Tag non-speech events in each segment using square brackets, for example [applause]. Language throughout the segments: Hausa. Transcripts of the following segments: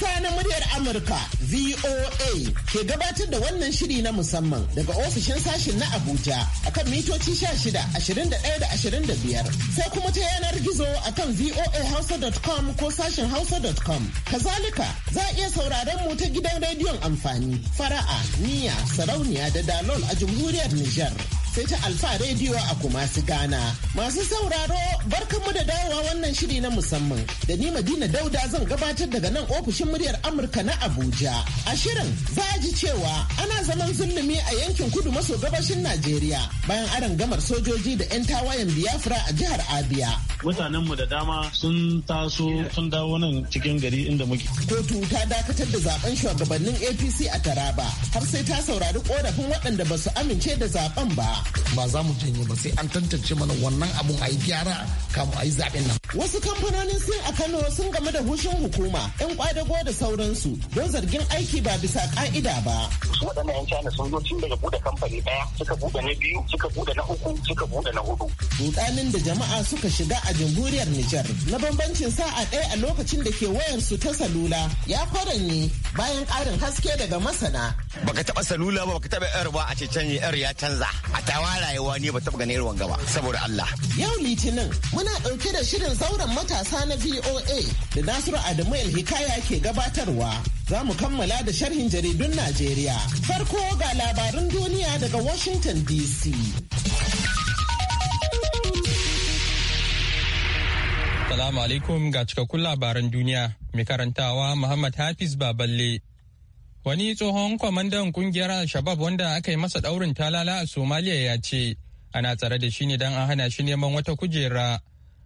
Hausa na muryar Amurka VOA ke gabatar da wannan shiri na musamman daga ofishin sashin na Abuja akan mitoci shida ashirin da ɗaya da da biyar sai kuma ta yanar gizo akan voahausa.com ko sashen hausa.com. Kazalika za a iya sauraron mu ta gidan rediyon amfani fara'a, niya, sarauniya da dalol a jamhuriyar Nijar. sai ta Alfa rediyo a Kumasi gana Masu sauraro barkanmu da dawowa wannan shiri na musamman da ni Madina Dauda zan gabatar daga nan ofishin muryar Amurka na Abuja. A shirin za a ji cewa ana zaman zulumi a yankin kudu maso gabashin Najeriya bayan aron gamar sojoji da 'yan tawayen Biafra a jihar Abia. Mutanenmu da dama sun taso sun dawo nan cikin gari inda muke. Kotu ta dakatar da zaben shugabannin APC a Taraba har sai ta saurari korafin waɗanda ba su amince da zaben ba. ba za mu janye ba sai an tantance mana wannan abun a yi gyara kamun a yi zaɓen nan. Wasu kamfanonin sun a Kano sun game da hushin hukuma 'yan kwadago da sauransu don zargin aiki ba bisa ƙa'ida ba. Waɗannan 'yan China sun zo tun daga buɗe kamfani ɗaya suka buɗe na biyu suka buɗe na uku suka buɗe na hudu. Dukanin da jama'a suka shiga a jamhuriyar Nijar na bambancin sa'a ɗaya a lokacin da ke wayarsu ta salula ya faranyi bayan ƙarin haske daga masana. Baka taɓa salula ba baka taɓa yar ba a ce canji yar ya canza a tawa rayuwa ne ba taɓa ganin ruwan gaba saboda Allah. Yau Litinin muna ɗauke da shirin zauren matasa na VOA da Nasiru Adamu el Hikaya ke gabatarwa. Za mu kammala da sharhin jaridun Najeriya. Farko ga labarin duniya daga Washington DC. Salamu alaikum ga cikakkun labaran duniya. Mai karantawa Muhammad Hafiz Baballe. Wani tsohon kwamandan kungiyar Al-Shabab wanda aka yi masa ɗaurin talala a Somaliya ya ce, ana tsare da shi ne don an hana shi neman wata kujera.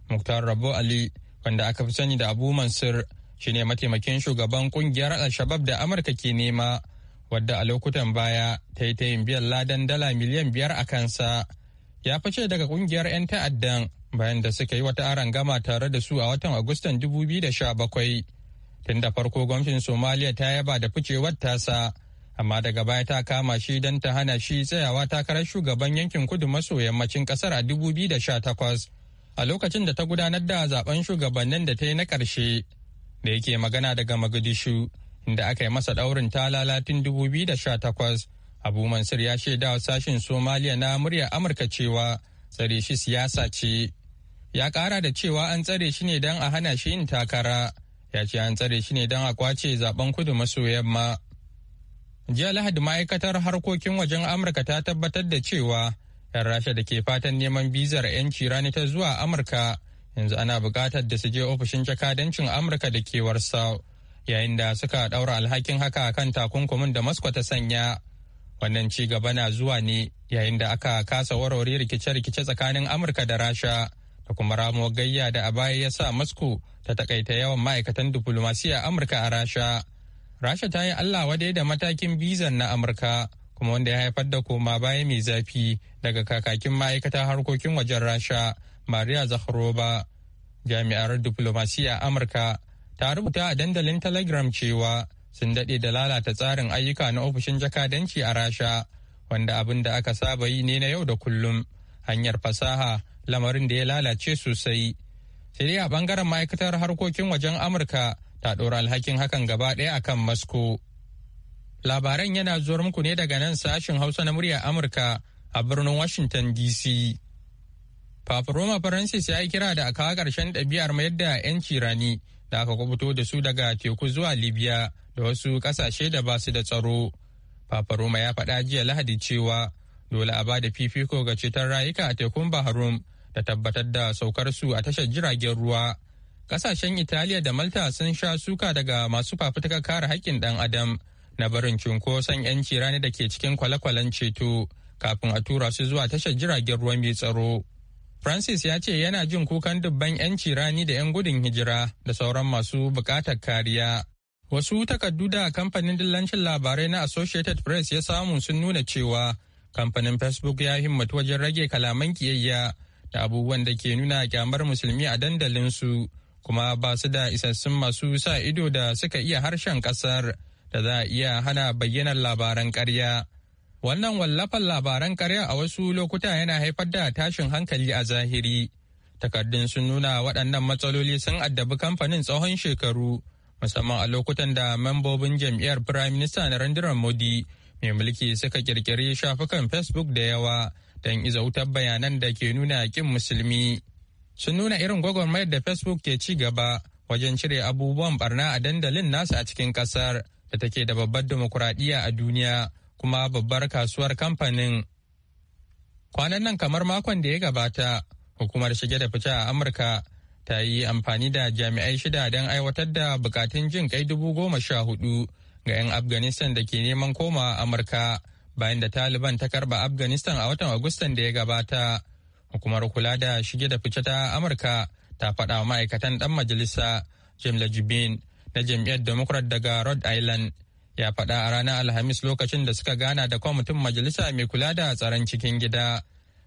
Muktar Rabo Ali, wanda aka fi sani da Abu Mansur, shi ne mataimakin shugaban kungiyar Al-Shabab da Amurka ke nema, wadda a lokutan baya ta yi ta yin biyan ladan dala miliyan biyar a kansa. Ya fice daga kungiyar 'yan ta'addan bayan da suka yi wata gama tare da su a watan Agustan 2017. Tun da farko gwamnatin Somaliya ta yaba da ficewar tasa, amma daga baya ta kama shi don ta hana shi tsayawa takarar shugaban yankin kudu maso yammacin kasar a 2018 a lokacin da ta gudanar da zaben shugabannin da ta yi na karshe. da yake magana daga Magadishu inda aka yi masa ɗaurin talala tun 2018. Abu Mansur ya shaida wa sashin Somaliya na muryar Amurka cewa tsare shi siyasa ce. Ya kara da cewa an tsare shi ne don a hana shi yin takara. ya ce an tsare shi ne don a kwace zaben kudu maso yamma jiya lahadi ma'aikatar harkokin wajen amurka ta tabbatar da cewa 'yan rasha da ke fatan neman bizar 'yanci rani ta zuwa amurka yanzu ana buƙatar da su je ofishin jakadancin amurka da ke warsa yayin da suka ɗaura alhakin haka a kan takunkumin da moscow ta sanya wannan ci gaba na zuwa ne yayin da aka kasa warware rikice-rikice tsakanin amurka da rasha da kuma ramuwar gayya da a baya ya sa Moscow ta takaita yawan ma'aikatan diplomasiya Amurka a Rasha. Rasha ta yi Allah wadai da matakin bizan na Amurka kuma wanda ya haifar da koma baya mai zafi daga kakakin ma'aikatan harkokin wajen Rasha Maria Zakharova. Jami'ar diplomasiya Amurka ta rubuta a dandalin Telegram cewa sun daɗe da lalata tsarin ayyuka na ofishin jakadanci a Rasha wanda abin da aka saba yi ne na yau da kullum. hanyar fasaha lamarin da ya lalace sosai sai dai a bangaren ma'aikatar harkokin wajen amurka ta ɗora alhakin hakan gaba ɗaya a kan masko labaran yana zuwar muku ne daga nan sashin hausa na murya amurka a birnin washington dc fafaroma Roma Francis ya yi kira da a ƙarshen ɗabi'ar mayar da 'yanci rani da aka kubuto da su daga teku zuwa Libya da wasu ƙasashe da ba su da tsaro. fafaroma ya faɗa jiya Lahadi cewa dole a ba da fifiko ga ceton rayuka a tekun Bahrum da tabbatar da saukar su a tashar jiragen ruwa. Kasashen Italiya da Malta sun sha suka daga masu fafutukar kare haƙƙin ɗan Adam na barin cunkoson 'yanci rani da ke cikin kwale-kwalen ceto kafin a tura su zuwa tashar jiragen ruwa mai tsaro. Francis ya ce yana jin kukan dubban 'yanci rani da 'yan gudun hijira da sauran masu buƙatar kariya. Wasu takardu da kamfanin dillancin labarai na Associated Press ya samu sun nuna cewa kamfanin facebook ya himmatu wajen rage kalaman kiyayya da abubuwan da ke nuna kyamar musulmi a dandalin su kuma ba su da isassun masu sa ido da suka iya harshen kasar da za a iya hana bayyanar labaran karya wannan wallafan labaran karya a wasu lokuta yana haifar da tashin hankali a zahiri takardun sun nuna waɗannan matsaloli sun addabi kamfanin tsawon shekaru musamman a lokutan da membobin jam'iyyar firayim minista narendra modi mai mulki suka kirkiri shafukan facebook da yawa don iza wutar bayanan da ke nuna kin musulmi sun nuna irin gwagwarmayar da facebook ke ci gaba wajen cire abubuwan barna a dandalin nasu a cikin kasar da take da babbar demokuraɗiyya a duniya kuma babbar kasuwar kamfanin kwanan nan kamar makon da ya gabata hukumar shige da fice a amurka ta yi amfani da jami'ai shida don aiwatar da bukatun jin kai dubu goma sha hudu ga 'yan afghanistan da ke neman komawa amurka bayan da taliban ta karba afghanistan a watan agustan da ya gabata hukumar kula da shige da fice ta amurka ta faɗa wa ma'aikatan dan majalisa jim lajibin na jam'iyyar democrat daga rhode island ya faɗa a ranar alhamis lokacin da suka gana da kwamitin majalisa mai kula da tsaron cikin gida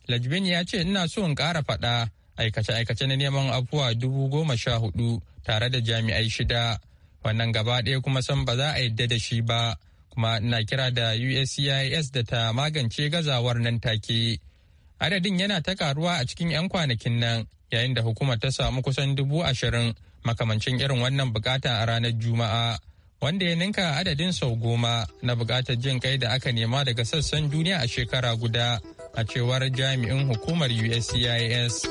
lajibin ya ce ina so in ƙara faɗa aikace-aikace na neman abubuwa dubu goma sha hudu tare da jami'ai shida wannan gaba ɗaya kuma san ba za a yadda da shi ba kuma na kira da uscis da ta magance gazawar nan take adadin yana ta karuwa a cikin 'yan kwanakin nan yayin da hukumar ta samu kusan dubu ashirin makamancin irin wannan bukata a ranar juma'a wanda ya ninka adadin sau goma na bukatar jin kai da aka nema daga sassan duniya a shekara guda a cewar jami'in hukumar uscis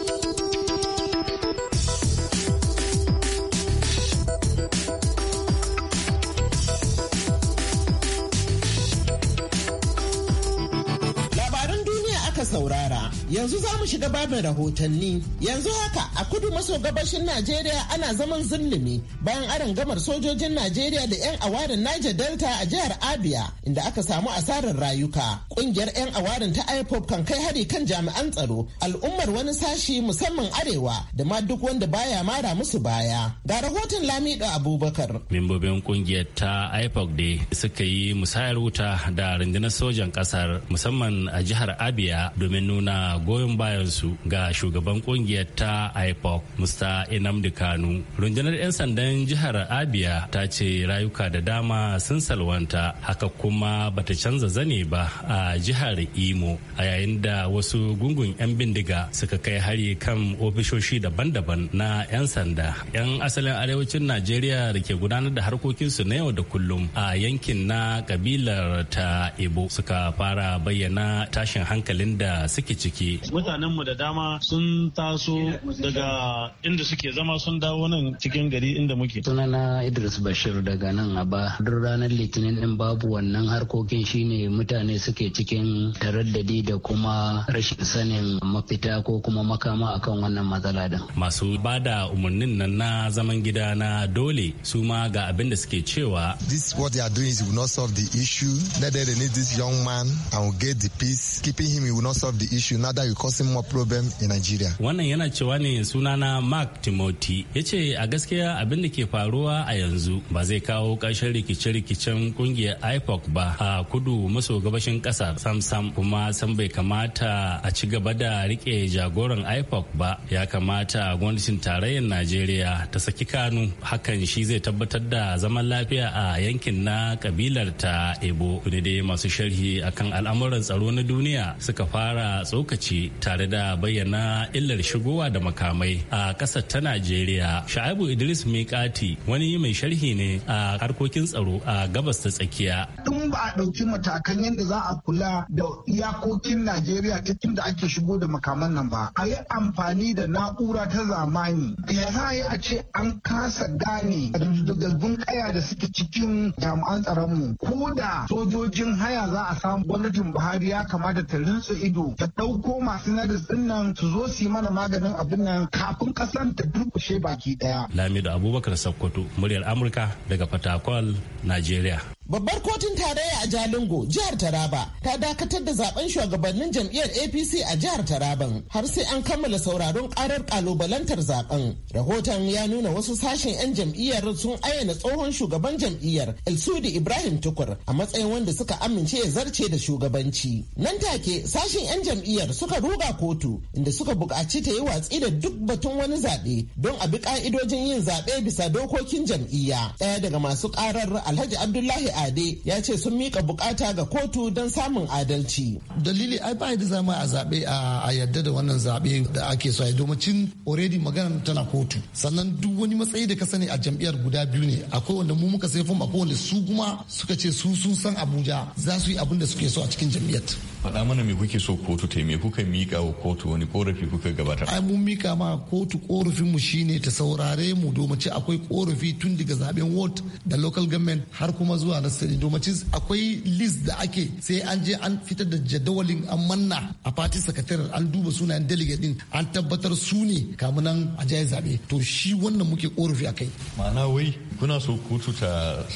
saurara. Yanzu za mu shiga babin rahotanni. Yanzu haka a kudu maso gabashin Najeriya ana zaman zulumi bayan aron gamar sojojin Najeriya da 'yan awarin Niger Delta a jihar Abia inda aka samu asarar rayuka. Kungiyar 'yan awarin ta IPOP kan kai hari kan jami'an tsaro, al'ummar wani sashi musamman arewa da ma duk wanda baya mara musu baya. Ga rahoton Lamido Abubakar. Membobin kungiyar ta IPOP da suka yi musayar wuta da rundunar sojan kasar musamman a jihar Abia domin nuna goyon bayansu ga shugaban kungiyar ta ipoc mr inamdi kanu rundunar 'yan sandan jihar abia ta ce rayuka da dama sun salwanta haka kuma bata canza zane ba a jihar imo a yayin da wasu gungun 'yan bindiga suka kai hari kan ofishoshi daban-daban na 'yan sanda 'yan asalin arewacin najeriya da ke gudanar da harkokinsu na yau da kullum a yankin na kabilar ta ibo suka fara bayyana tashin hankalin da suke ciki gaske. Mutanenmu da dama sun taso daga inda suke zama sun dawo nan cikin gari inda muke. Sunana Idris Bashir daga nan Aba. Duk ranar Litinin din babu wannan harkokin shine mutane suke cikin taraddadi da kuma rashin sanin mafita ko kuma makama akan wannan matsala din. Masu bada umarnin nan na zaman gida na dole su ma ga abin da suke cewa. This what they are doing is will not solve the issue. Let they need this young man and will get the peace. Keeping him will not solve the issue. Now that will cause more problem in Nigeria. Wannan yana cewa ne sunana Mark Timothy ya ce a gaskiya abin da ke faruwa a yanzu ba zai kawo ƙarshen rikice-rikicen kungiyar IPOC ba a kudu maso gabashin ƙasa sam-sam kuma san bai kamata a ci gaba da rike jagoran IPOC ba ya kamata gwamnatin tarayyar Najeriya ta saki kanu hakan shi zai tabbatar da zaman lafiya a yankin na kabilar ta Ebo. Kudi dai masu sharhi akan al'amuran tsaro na duniya suka fara tsokaci lokaci tare da bayyana illar shigowa da makamai a ƙasar ta Najeriya. Sha'ibu Idris Mikati wani mai sharhi ne a harkokin tsaro a gabas ta tsakiya. In ba a ɗauki matakan yadda za a kula da iyakokin Najeriya ta inda ake shigo da makaman nan ba. A yi amfani da na'ura ta zamani. Ya za a yi a ce an kasa gane dalbun kaya da suke cikin jami'an mu. Ko da sojojin haya za a samu gwamnatin Buhari ya kamata ta rinsa ido ta ɗauko ɗauko masu nadis din nan su zo su yi mana maganin abin nan kafin kasan ta durkushe baki daya. Lamidu Abubakar Sokoto muryar Amurka daga Fatakwal, Najeriya. Babbar kotun tarayya a Jalingo, jihar Taraba, ta dakatar da zaben shugabannin jam'iyyar APC a jihar Taraban har sai an kammala sauraron karar kalubalantar zaben. Rahoton ya nuna wasu sashen 'yan jam'iyyar sun ayyana tsohon shugaban jam'iyyar Elsudi Ibrahim Tukur a matsayin wanda suka amince ya zarce da shugabanci. Nan take sashen 'yan jam'iyyar suka ruga kotu inda suka buƙaci ta yi watsi da duk batun wani zaɓe don a bi ƙa'idojin yin zaɓe bisa dokokin jam'iyya. Ɗaya daga masu ƙarar Alhaji Abdullahi Ade ya ce sun mika bukata ga kotu don samun adalci. Dalili ai ba da zama a zaɓe a yadda da wannan zaɓe da ake so a domacin already magana tana kotu. Sannan duk wani matsayi da ka sani a jam'iyyar guda biyu ne akwai wanda mu muka sai fom akwai wanda su kuma suka ce su sun san Abuja za su yi abin da suke so a cikin jam'iyyar. Faɗa mana me kuke so kotu ta yi me kuka mika wa kotu wani korafi kuka gabatar. Ai mun mika ma kotu korafin mu shine ta saurare mu domacin akwai korafi tun daga zaɓen ward da local government har kuma zuwa palestinian domacin akwai list da ake sai an je an fitar da jadawalin an manna a fatin secretary an duba sunayen delegate din an tabbatar su ne kamun nan a jaye zabe to shi wannan muke korafi a kai ma'ana wai kuna so kotu ta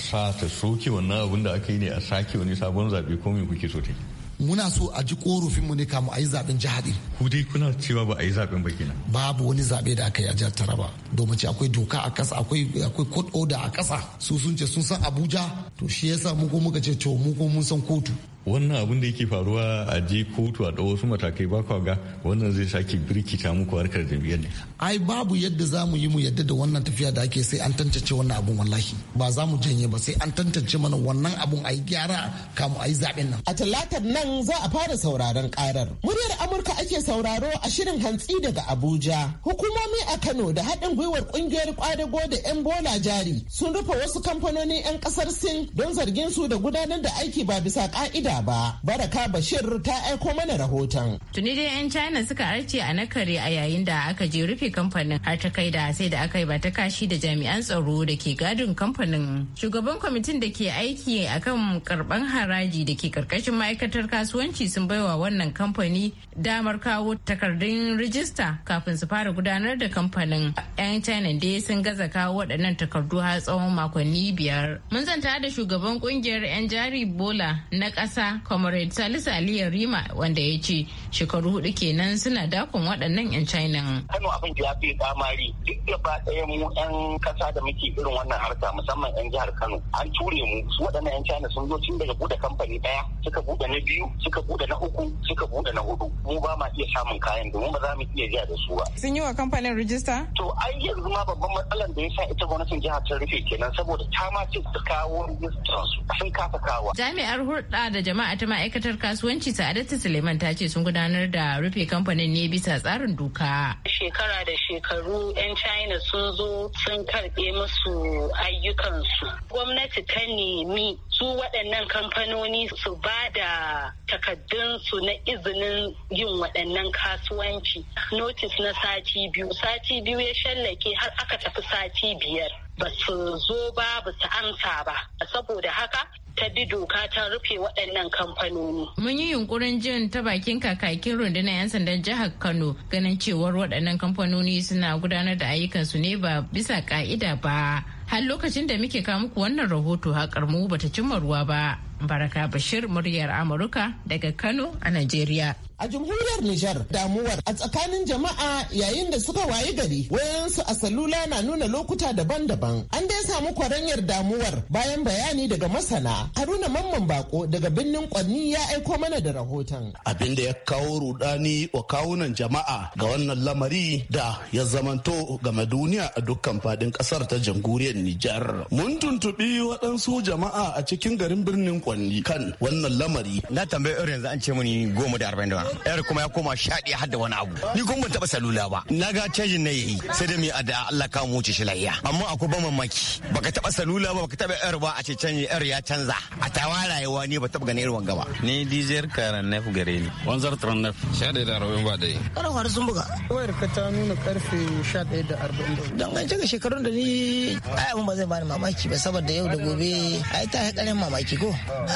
sa ta soke wannan abun da aka yi ne a sake wani sabon zabe ko me kuke so ta yi muna so a ji mu ne kamu a yi zaben jihar ku dai kuna cewa ba a yi zaben ba kenan babu wani zabe da aka yi a jihar taraba domin ce akwai doka a kasa akwai akwai court order a kasa su sun ce sun san abuja to shi yasa mu ko muka ce to mu ko mun san kotu wannan abin da yake faruwa a je kotu a ɗau wasu matakai ba kwa ga wannan zai sake birkita muku harkar jam'iyyar ne. ai babu yadda za mu yi mu yadda da wannan tafiya da ake sai an tantance wannan abun wallahi ba za mu janye ba sai an tantance mana wannan abun a yi gyara kamu a yi zaɓen nan. a talatar nan za a fara sauraron karar muryar amurka ake sauraro a shirin hantsi daga abuja hukumomi a kano da haɗin gwiwar ƙungiyar kwadago da yan bola jari sun rufe wasu kamfanonin yan ƙasar sin don zargin su da gudanar da aiki ba bisa ƙa'ida Najeriya ba. Baraka Bashir ta aiko mana rahoton. Tuni dai 'yan China suka arce a nakare a yayin da aka je rufe kamfanin har ta kai da sai da aka yi ba ta kashi da jami'an tsaro da ke gadin kamfanin. Shugaban kwamitin da ke aiki akan karban haraji da ke karkashin ma'aikatar kasuwanci sun wa wannan kamfani damar kawo takardun rijista kafin su fara gudanar da kamfanin. 'Yan China dai sun gaza kawo waɗannan takardu har tsawon makonni biyar. Mun zanta da shugaban kungiyar 'yan jari Bola na ƙasa ƙasa comrade salisu aliyu rima wanda ya ce shekaru hudu kenan suna dakon waɗannan 'yan china kano abin da ya fi kamari duk ba ɗaya mu 'yan ƙasa da muke irin wannan harka musamman 'yan jihar kano an ture mu su waɗannan 'yan china sun zo tun daga buɗe kamfani ɗaya suka buɗe na biyu suka buɗe na uku suka buɗe na hudu mu ba ma iya samun kayan domin ba za mu iya jiya da su ba sun yi wa kamfanin rijista to ai yanzu ma babban matsalar da ya sa ita gwamnatin jihar ta rufe kenan saboda ta ma ce ta kawo rijistar su sun kafa kawa jami'ar hulɗa da jama'a ta ma'aikatar kasuwanci Sa'adatu Suleiman ta ce sun gudanar da rufe kamfanin ne bisa tsarin doka. Shekara da shekaru 'yan China sun zo sun karbe musu ayyukansu. Gwamnati ta nemi su waɗannan kamfanoni su ba da takaddunsu na izinin yin waɗannan kasuwanci. Notice na sati biyu, sati biyu ya shallake har aka tafi sati biyar. ba su zo ba ba su amsa ba saboda haka ta bi doka ta rufe waɗannan kamfanoni. Mun yi yunkurin jin ta bakin kakakin rundunar 'yan sandan jihar Kano ganin cewar waɗannan kamfanoni suna gudanar da ayyukansu ne ba bisa ka'ida ba. Har lokacin da muke kawo muku wannan rahoto haƙar mu bata cimma ruwa ba. Baraka Bashir muryar Amurka daga Kano a Najeriya. a jamhuriyar Nijar damuwar a tsakanin jama'a yayin da suka wayi gari wayansu a salula na nuna lokuta daban-daban an dai samu kwaranyar damuwar bayan bayani daga masana Haruna Mamman Bako daga birnin Kwanni ya aiko mana da rahoton abin da ya kawo rudani wa kawunan jama'a ga wannan lamari da ya zamanto game duniya a dukkan fadin kasar ta jamhuriyar Nijar mun tuntubi waɗansu jama'a a cikin garin birnin Kwanni kan wannan lamari na tambayi yanzu an ce muni goma da arba'in da yar kuma ya koma shaɗi hadda wani abu ni kuma ban taɓa salula ba na ga cajin na yayi sai da mai ada Allah ka mu ci shilayya amma akwai ban mamaki baka taɓa salula ba baka taɓa yar ba a ce canji yar ya canza a tawa rayuwa ne ba taɓa ganin irin wanga ba ni dizer karan nef gare ni wanzar tran nef shaɗe da arba'in ba dai karawar sun buga wayar ka ta nuna karfe shaɗe da arba'in da an ga shekarun da ni ai abin ba zai bani mamaki ba saboda yau da gobe ai ta haƙarin mamaki ko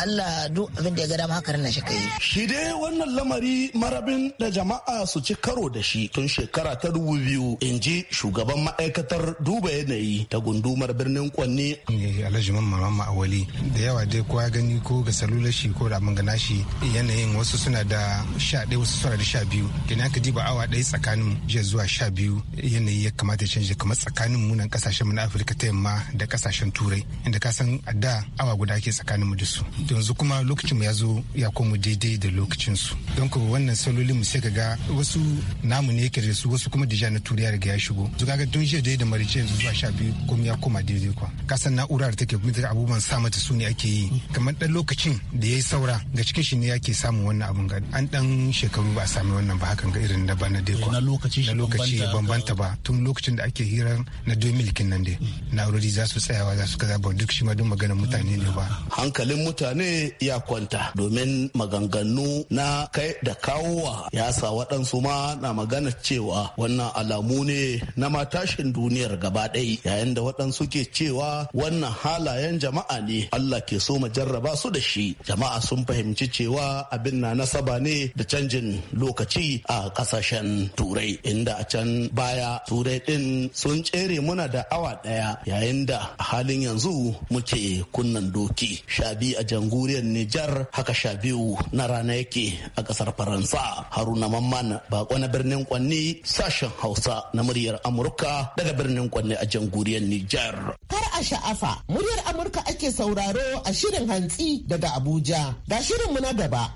Allah duk abin da ya ga dama haka na shi kai shi dai wannan lamari marabin da jama'a su ci karo da shi tun shekara ta dubu biyu in ji shugaban ma'aikatar duba yanayi ta gundumar birnin kwanne. alhaji mamman awali da yawa dai kowa gani ko ga salula shi ko da mangana shi yanayin wasu suna da sha ɗaya wasu suna da sha biyu idan aka diba awa ɗaya tsakanin jiya zuwa sha biyu yanayi ya kamata ya canja kamar tsakanin mu nan kasashen mu na afirka ta yamma da kasashen turai inda ka san a da awa guda ke tsakanin mu da su yanzu kuma lokacin mu ya zo ya komo daidai da lokacin su don ko wannan salolin mu sai ka ga wasu namu ne yake da su wasu kuma a na turiya da ya shigo to kaga tun shi dai da marice yanzu zuwa sha biyu kuma ya koma daidai kwa kasan na'ura da take mutu abubuwan sa mata su ne ake yi kamar dan lokacin da yayi saura ga cikin shi ne yake samun wannan abun ga an dan shekaru ba a sami wannan ba hakan ga irin na bana dai kwa eh, na lokaci lokaci bambanta ba tun lokacin da ake hira na 2000 kin nan dai na'urori za su tsayawa za su kaza ba duk shi ma duk maganar mutane ne ba hankalin mutane ya kwanta domin maganganu na kai da kawowa ya sa waɗansu ma na magana cewa wannan alamu ne na matashin duniyar gaba ɗaya yayin da waɗansu ke cewa wannan halayen jama'a ne Allah ke so mu jarraba su da shi jama'a sun fahimci cewa abin na nasaba ne da canjin lokaci a ƙasashen turai inda a can baya turai ɗin sun tsere muna da awa ɗaya yayin da halin yanzu muke kunnan doki sha biyu a janguriyar Nijar haka sha biyu na rana yake a ƙasar faransa haruna mamman baƙo na birnin kwanni sashen hausa na muryar amurka daga birnin kwanni a jamhuriyar nijar kar a sha'afa muryar amurka ake sauraro a shirin hantsi daga abuja ga shirinmu na gaba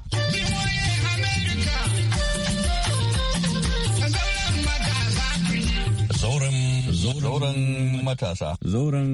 Zauren matasa. Zauren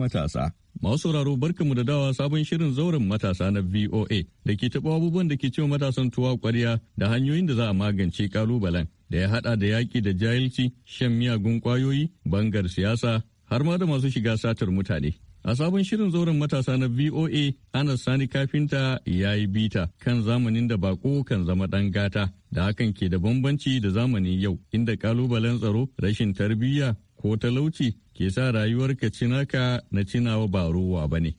matasa. Masu sauraro mu da dawa sabon shirin zauren matasa na VOA da ke taɓa abubuwan da ke cewa matasan tuwa ƙwarya da hanyoyin da za a magance ƙalubalen da ya haɗa da yaƙi da jahilci, shan miyagun ƙwayoyi, bangar siyasa, har ma da masu shiga satar mutane. A sabon shirin zauren matasa na VOA, Anas Sani Kafinta ya yi bita kan zamanin da bako kan zama ɗan gata, da hakan ke da bambanci da zamanin yau, inda ƙalubalen tsaro, rashin tarbiyya, ko talauci ke sa rayuwarka cinaka na cinawa ba rowa ba ne.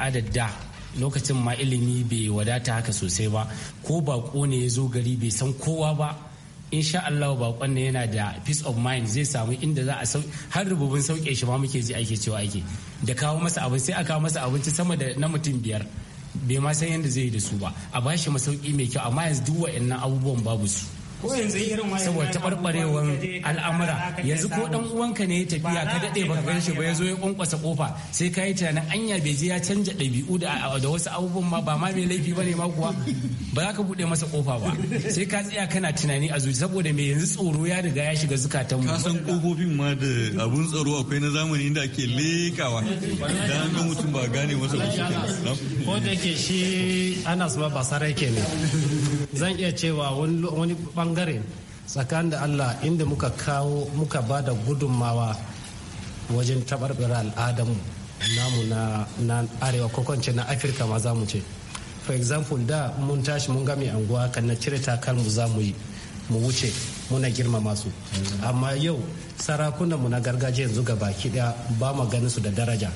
al'adar da lokacin ma ilimi bai wadata haka sosai ba ko bako ne ya zo gari bai san kowa ba insha Allah bakon ne yana da peace of mind zai samu inda za a har rububin sauke shi ma muke ji ake cewa ake da kawo masa abin sai a kawo masa abinci sama da na mutum biyar bai ma san yadda zai yi da su ba a bashi masauki mai kyau amma yanzu duk wa'annan abubuwan babu su saboda taɓarɓarewar al'amura yanzu ko dan uwanka ne ya tafiya ka daɗe baka ka shi ba ya zo ya ƙwanƙwasa kofa sai ka yi tunanin anya bai je ya canja ɗabi'u da wasu abubuwan ma ba ma mai laifi ba ne ma kuwa ba za ka buɗe masa kofa ba sai ka tsaya kana tunani a zuci saboda mai yanzu tsoro ya riga ya shiga zukatanmu. ka san kofofin ma da abun tsaro akwai na zamani inda ake lekawa da an ga mutum ba gane masa ba ko da ke shi ana ba ba sarai ke ne zan iya cewa wani bangare tsakanin da allah inda muka kawo muka ba da gudunmawa wajen tabarbara al'adamu namu na arewa kokonce na afirka ma za mu ce for example da mun tashi mun mai anguwa kan na cire takalmu za mu yi mu wuce muna girmama su mm. amma yau sarakunanmu na gargajiya yanzu ga baki daya ba mu ganin su da daraja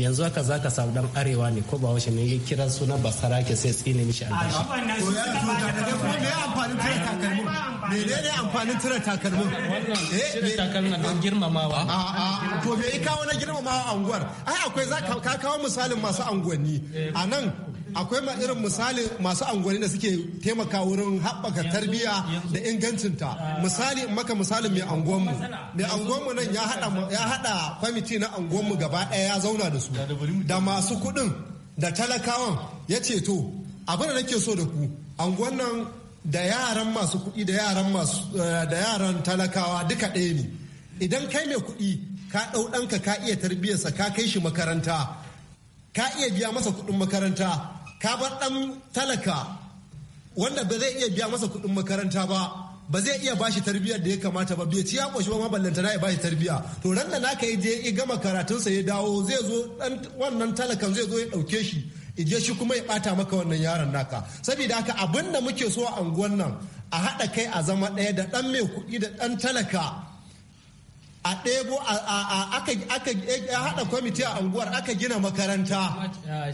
yanzu haka za ka samu dan arewa ne ko ba wace ne ya kira sunan basara ke sai tsine mishi to ya eh, girmamawa a a to me ya kawo na girmamawa anguwar ai akwai za ka kawo misalin masu unguwanni eh. a nan akwai ma irin misali masu angwani da suke taimaka wurin haɓaka tarbiyya da ingancinta misali maka misalin mai angonmu mai angonmu nan ya haɗa kwamiti na angonmu gaba ɗaya ya zauna da su da masu kuɗin da talakawan ya ce to abin da nake so da ku anguwan nan da yaran masu kuɗi da yaran masu eh, da yaran talakawa duka ɗaya ne idan kai mai kuɗi ka ɗau ɗanka ka iya tarbiyyarsa ka kai shi makaranta ka iya biya masa kuɗin makaranta ka bar ɗan talaka wanda ba zai iya biya masa kuɗin makaranta ba ba zai iya bashi tarbiyyar da ya kamata ba bai ci ya koshi ba maballanta na ya bashi tarbiyya to ran da naka yi je ya gama sa ya dawo zai zo wannan talakan zai zo ya ɗauke shi ije shi kuma ya bata maka wannan yaron naka saboda haka abin da muke so a anguwan nan a haɗa kai a zama ɗaya da ɗan mai kuɗi da ɗan talaka a ɗebo aka eh, haɗa kwamiti a unguwar aka gina makaranta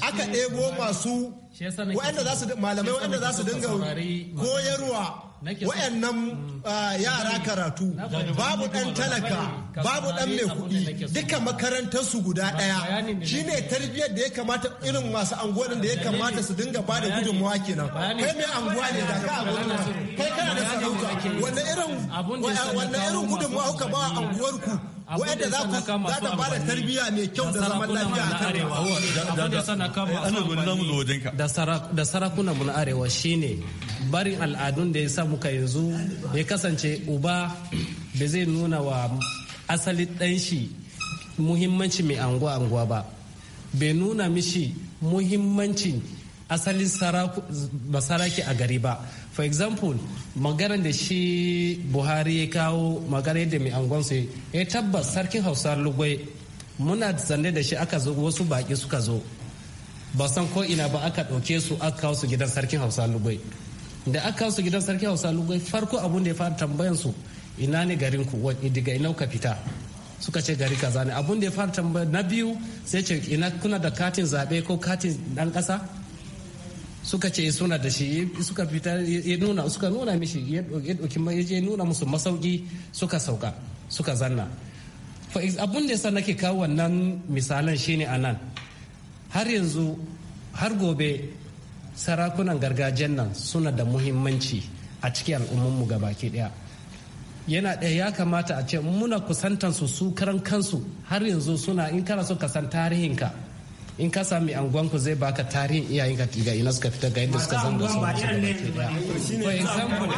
aka ɗebo masu wa'anda za su malamai wa'anda za su dinga koyarwa wa'annan mm. ah, yara karatu babu dan talaka babu dan mai kuɗi duka makarantar su guda daya shine tarbiyyar da ya kamata irin masu angonin da ya kamata su dinga bada gudunmawa kenan kai mai anguwa ne da ka anguwa kai kana da sarauta wanda irin gudunmawa kuka ba anguwarku wadda za ku za ta bada tarbiyya mai kyau da zaman lafiya a arewa eh, da sarakunan mu na arewa shine barin al'adun da ya sa muka yanzu ya kasance uba da zai nuna wa asali ɗan shi muhimmanci mai anguwa anguwa ba bai nuna mishi muhimmancin asalin masaraki a gari ba for example maganar da shi buhari ya kawo magana yadda mai angonsu ya tabbas sarkin hausa lugwai muna zanne da shi aka zo wasu baki suka zo ba san ko ina ba aka ɗauke su aka kawo su gidan sarkin hausa lugwai da aka kawo su gidan sarkin hausa lugwai farko abun da ya fara tambayan su ina ne garin ku wani diga ina ka fita suka ce gari kaza ne abun da ya fara tambaya na biyu sai ce ina kuna da katin zaɓe ko katin ɗan ƙasa suka ce suna da shi suka fita ya nuna suka nuna mishi ya ya nuna musu masauki suka sauka suka zanna abun da yasa nake kawo wannan misalan shine a nan har yanzu har gobe sarakunan gargajiyan nan suna da muhimmanci a cikin al'ummanmu baki daya yana ɗaya ya kamata a ce muna kusantansu su karan kansu har yanzu suna in kana so ka san tarihinka in ka sami anguwan ku zai baka tarihin iyayen ka ga ina suka fita ga yadda suka zama da sauran su da for example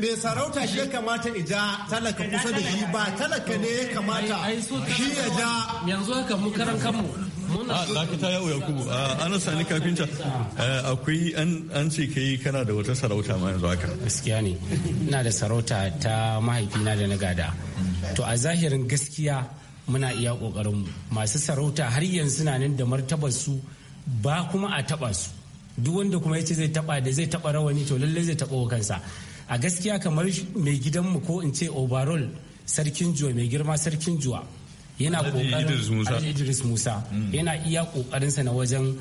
me sarauta shi ya kamata ija talaka kusa da shi ba talaka ne ya kamata shi ya ja yanzu haka mu karan kanmu ah, dakata yau yakubu ana ah, sani kafinta ah. eh, akwai an ce kai kana da wata sarauta ma yanzu haka gaskiya ne ina da sarauta ta mahaifina da na gada to a zahirin gaskiya muna iya ƙoƙarinmu masu sarauta har yanzu na nan da martabar su ba kuma a taba su duk wanda kuma ya ce zai taba da zai taba rawani to lallai zai taba kansa a gaskiya kamar mai gidanmu ko in ce overall sarkin juwa mai girma sarkin juwa yana kokarin Idris Musa mm. yana iya sa na wajen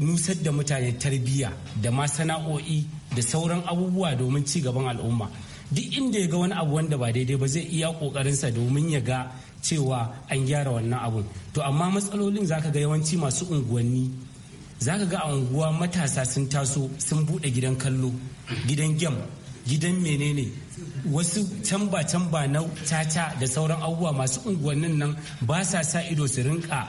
nusar da mutane tarbiya da ma sana'o'i da sauran abubuwa domin ci gaban al'umma duk inda ya ga wani abu wanda ba daidai ba zai iya sa domin ya ga cewa an gyara wannan abun to amma matsalolin zaka ga yawanci masu unguwanni zaka ga a unguwa matasa sun taso sun bude gidan kallo gidan gem gidan menene wasu canba canba na caca da sauran abubuwa masu unguwannin nan ba sa sa ido su rinka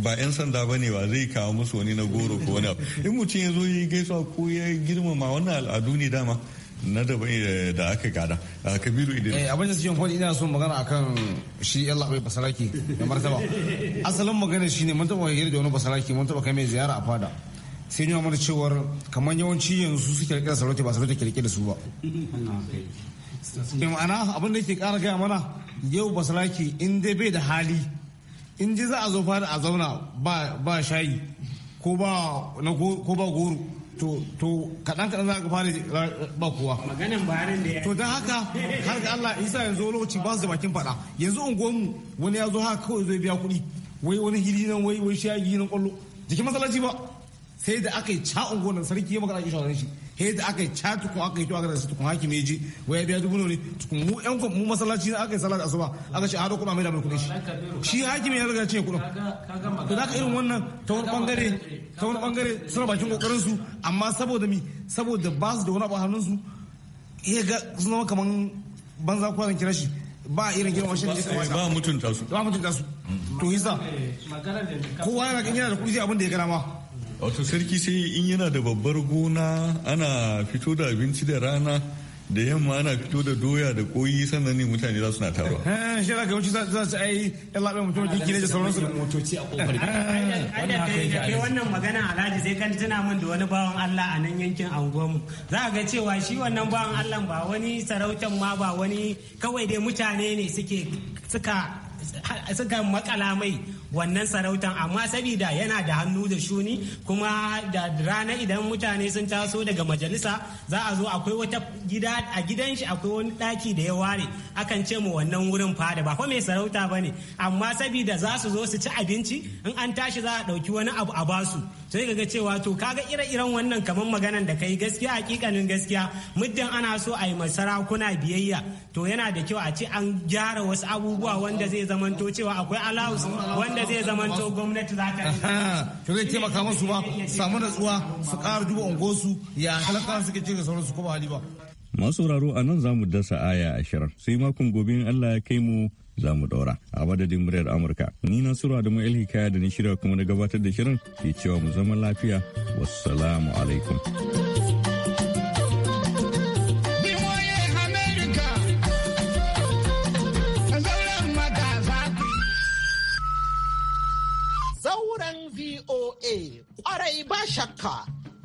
ba 'yan sanda ba ne ba zai kawo musu wani na goro ko wani abu in mutum ya zo ya gaisuwa ko ya girmama wannan al'adu ne dama na daban da aka gada a ah, kabiru idan eh abin da cikin kwani ina so magana akan shi yalla bai basaraki da martaba asalin magana shine mun taba hira da wani basaraki mun taba kai mai ziyara a fada sai nuna mana cewar kamar yawanci yanzu su kirkira sarauta ba sarauta kirkira da su ba [laughs] ma'ana abin da ke kara gaya mana yau basaraki in dai bai da hali in ji za a zo fara a zauna ba shayi ko ba goro to kaɗan kaɗan za ka fara ba kowa. Maganin bayanin da ya To don haka har ga Allah isa yanzu lokaci ba su da bakin faɗa yanzu unguwanmu wani ya zo haka kawai zai biya kuɗi wai wani hili nan wai wai nan kwallo jikin masallaci ba sai da aka yi ca ungonan sarki ya magana kishin shi sai da aka yi ca tukun aka yi to aka da tukun haki mai ji waya biya dubu ne tukun mu yan mu masallaci na aka yi salat asuba aka ce hado kuma mai da mai kudin shi shi hakimi ya riga cinye kudin to da irin wannan ta wani bangare ta wani bangare suna bakin kokarin su amma saboda mi saboda ba su da wani abu hannun su iya ga suna kaman banza kwanan kira shi ba irin girma shi ne ba mutunta su ba mutunta su to yasa eh, kowa yana ganin yana da kudi abin da ya gana ma wato sarki sai in yana da babbar gona ana fito da abinci da rana da yamma ana fito da doya da koyi sannan ne mutane za su na taruwa. [laughs] Eh, shi za ka yawanci za su ai yan laɓen mutum wajen gine da sauransu da motoci a kofar gida. wannan magana alhaji sai kan tuna min da wani bawan Allah a nan yankin anguwanmu za ga cewa shi wannan bawan Allah ba wani sarautan ma ba wani kawai dai mutane ne suke suka suka makala mai wannan sarautan amma sabida yana da hannu da shuni kuma da rana idan mutane sun taso daga majalisa za a zo akwai wata gida a gidan shi akwai wani daki da ya ware akan ce mu wannan wurin fada ba fa mai sarauta bane amma sabida za su zo su ci abinci in an tashi za a dauki wani abu a basu sai ga cewa to kaga ire-iren wannan kamar maganan da kai gaskiya hakikanin gaskiya muddin ana so a yi masarakuna biyayya to yana da kyau a ce an gyara wasu abubuwa wanda zai zamanto cewa akwai alawus wanda zai zamanto gwamnati za ta to zai taimaka musu ba samu natsuwa su kara duba ungosu ya halaka suke ce ga sauransu kuma hali ba masu sauraro a nan za mu dasa aya ashirin sai makon gobe in Allah ya kai mu za mu daura a madadin muryar amurka ni na sura da ma'il hikaya da ni shirya kuma na gabatar da shirin ke cewa mu zama lafiya wassalamu alaikum Sauran VOA, ƙwarai ba shakka.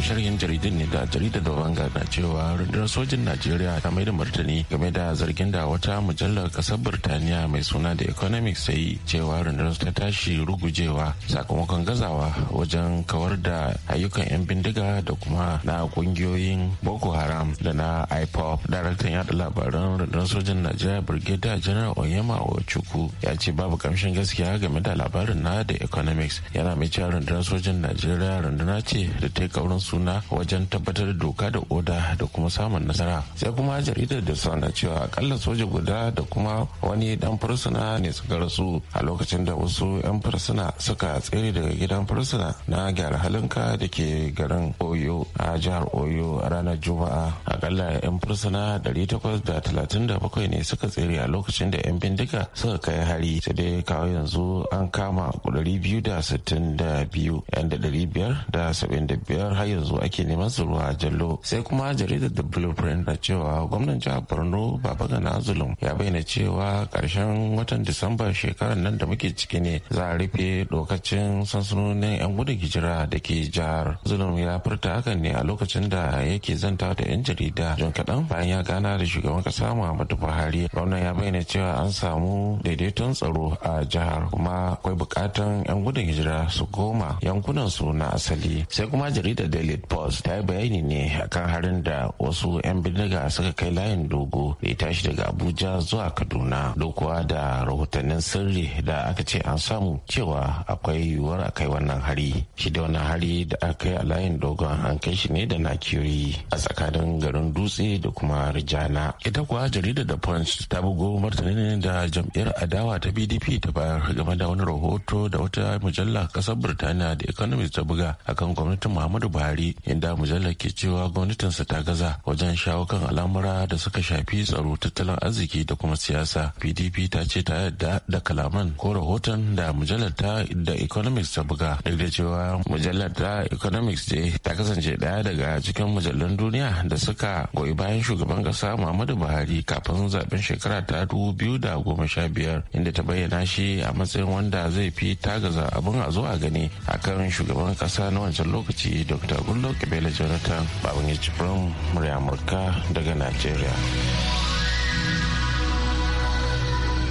sharhin jaridun ne da jaridar da banga na cewa rundunar sojin najeriya ta mai da martani game da zargin da wata mujallar kasar birtaniya mai suna da economics sai yi cewa rundunar ta tashi rugujewa sakamakon gazawa wajen kawar da ayyukan 'yan bindiga da kuma na kungiyoyin boko haram da na ipop daraktan yada labaran rundunar sojin najeriya birgida general onyema ochuku ya ce babu kamshin gaskiya game da labarin na da economics yana mai cewa rundunar sojin najeriya runduna ce da ta yi kaurin suna wajen tabbatar da doka da oda da kuma samun nasara sai kuma jaridar da sana cewa akalla soja guda da kuma wani dan fursuna ne suka rasu a lokacin da wasu yan fursuna suka tsere daga gidan fursuna na gyara halinka da ke garin oyo a jihar oyo a ranar juma'a akalla yan fursuna da 837 ne suka tsere a lokacin da yan bindiga suka kai hari sai dai kawo yanzu an kama 262 yan da 575 har yanzu ake neman su ruwa jallo sai kuma jaridar da blueprint da cewa gwamnan jihar borno na zulum ya bayyana cewa karshen watan disamba shekarar nan da muke ciki ne za a rufe lokacin sansanonin yan gudun hijira da ke jihar zulum ya furta hakan ne a lokacin da yake zanta da yan jarida jon kaɗan bayan ya gana da shugaban ƙasa muhammadu buhari gwamnan ya bayyana cewa an samu daidaiton tsaro a jihar kuma akwai bukatan yan gudun hijira su goma yankunan su na asali sai kuma jaridar da daily post ta yi bayani ne akan harin da wasu 'yan bindiga suka kai layin dogo da ya tashi daga abuja zuwa kaduna dokuwa da rahotannin sirri da aka ce an samu cewa akwai yiwuwar a kai wannan hari shi da wannan hari da aka kai a layin dogo an kai shi ne da nakiyoyi a tsakanin garin dutse da kuma rijana ita kuwa jaridar da punch ta bugo martani da jam'iyyar adawa ta pdp ta bayar game da wani rahoto da wata mujalla kasar birtaniya da economist ta buga akan gwamnatin muhammadu buhari Buhari inda mujallar ke cewa gwamnatinsa ta gaza wajen shawo kan al'amura da suka shafi tsaro tattalin arziki da kuma siyasa. PDP ta ce ta yadda da kalaman ko rahoton da mujallar ta da Economics ta buga duk da cewa mujallar ta Economics je ta kasance daya daga cikin mujallun duniya da suka goyi bayan shugaban kasa Muhammadu Buhari kafin zaben shekara ta biyu da goma sha biyar inda ta bayyana shi a matsayin wanda zai fi tagaza abin a zo a gani akan shugaban kasa na wancan lokaci Dr. Bello Kebele Jonathan Babangeji Brown murya Amurka daga Najeriya.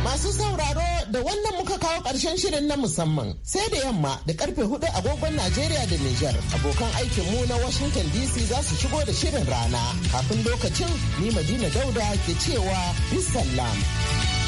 Masu sauraro da wannan muka kawo ƙarshen shirin na musamman sai da yamma da karfe hudu agogon Najeriya da Nijar abokan aikin mu na Washington DC za su shigo da shirin rana kafin lokacin ni Madina Dauda ke cewa bisallam.